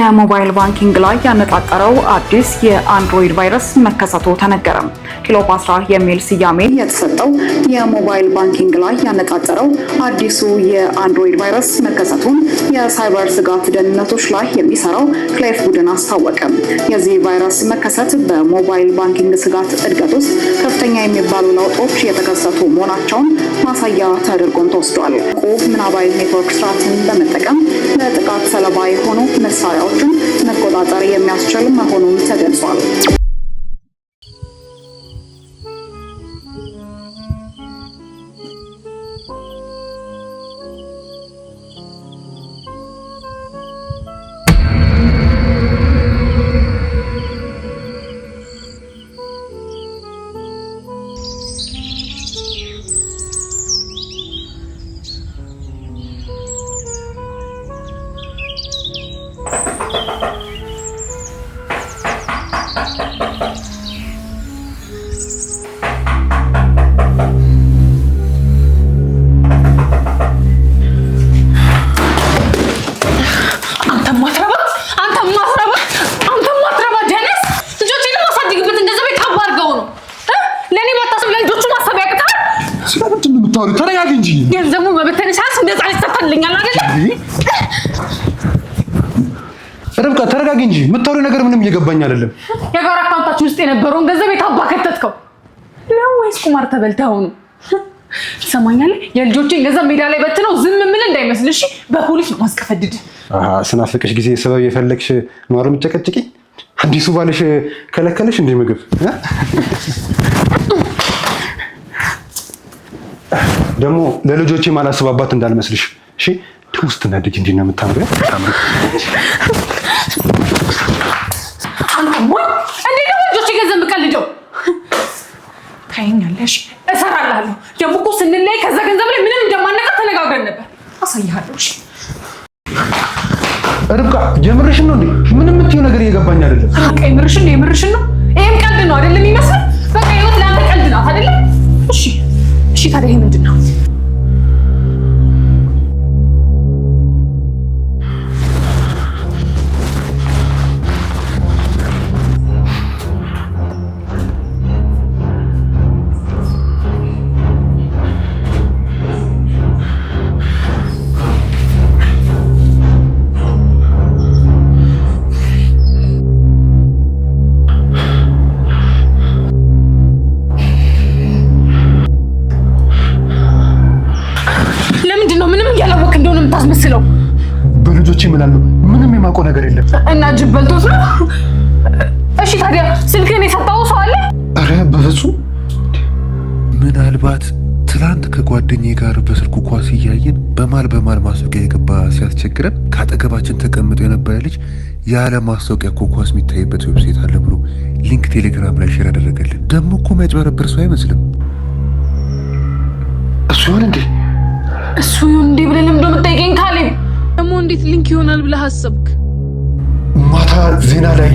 የሞባይል ባንኪንግ ላይ ያነጣጠረው አዲስ የአንድሮይድ ቫይረስ መከሰቱ ተነገረም። ክሊዮፓትራ የሚል ስያሜ የተሰጠው የሞባይል ባንኪንግ ላይ ያነጣጠረው አዲሱ የአንድሮይድ ቫይረስ መከሰቱን የሳይበር ስጋት ደህንነቶች ላይ የሚሰራው ክሌፍ ቡድን አስታወቀ። የዚህ ቫይረስ መከሰት በሞባይል ባንኪንግ ስጋት እድገት ውስጥ ከፍተኛ የሚባሉ ለውጦች የተከሰቱ መሆናቸውን ማሳያ ተደርጎም ተወስዷል። ቁ ምናባዊ ኔትወርክ ስርዓትን በመጠቀም ለጥቃት ሰለባ የሆኑ መሳሪያ ሁኔታዎችን መቆጣጠር የሚያስችል መሆኑን ተገልጿል። የምታወሪው? ተረጋግ እንጂ። ገንዘቡ መበተን ሻንስ እንደዛ ሊሰፈልኛል አይደል? ርብቃ ተረጋግ እንጂ። የምታወሪው ነገር ምንም እየገባኝ አይደለም። የጋራ አካውንታችን ውስጥ የነበረውን ገንዘብ የታባ ከተትከው ነው ወይስ ቁማር ተበልተኸው ነው? ሰማኛል የልጆችን ገንዘብ ሜዳ ላይ በትነው ዝም ምን እንዳይመስልሽ፣ በፖሊስ ነው ማስቀፈድድ። ስናፍቅሽ ጊዜ ሰበብ የፈለግሽ ኗር ምጨቀጭቂ። አዲሱ ባለሽ ከለከለሽ እንደ ምግብ ደግሞ ለልጆች ማላስብ አባት እንዳልመስልሽ እሺ። ትውስት እና ድግ እንዲህ ነው የምታምሪው። ደግሞ እኮ ስንለይ ከዛ ገንዘብ ላይ ምንም እንደማነቀር ተነጋግረን ነበር። አሳይሃለሁ። እሺ ርብቃ፣ የምርሽን ነው እንዴ? ምንም የምትይው ነገር እየገባኝ አይደለም። በቃ የምርሽን ነው፣ የምርሽን ነው። ይሄም ቀልድ ነው አይደለም? በቃ ለአንተ ቀልድ ናት አይደለም? እሺ She got a human to know. የምታስመስለው? በልጆች ይምላሉ። ምንም የማውቀው ነገር የለም። እና ጅብ በልቶት ነው። እሺ ታዲያ ስልክህን የሰጠኸው ሰው አለ? ኧረ በፍጹም። ምናልባት ትላንት ከጓደኛዬ ጋር በስልኩ ኳስ እያየን በማል በማል ማስታወቂያ የገባ ሲያስቸግረን ከአጠገባችን ተቀምጦ የነበረ ልጅ ያለ ማስታወቂያ እኮ ኳስ የሚታይበት ዌብሳይት አለ ብሎ ሊንክ ቴሌግራም ላይ ሼር ያደረገልን። ደግሞ እኮ የሚያጭበረብር ሰው አይመስልም እሱ ይሆን እንዴ? እንዴት ሊንክ ይሆናል ብለህ አሰብክ? ማታ ዜና ላይ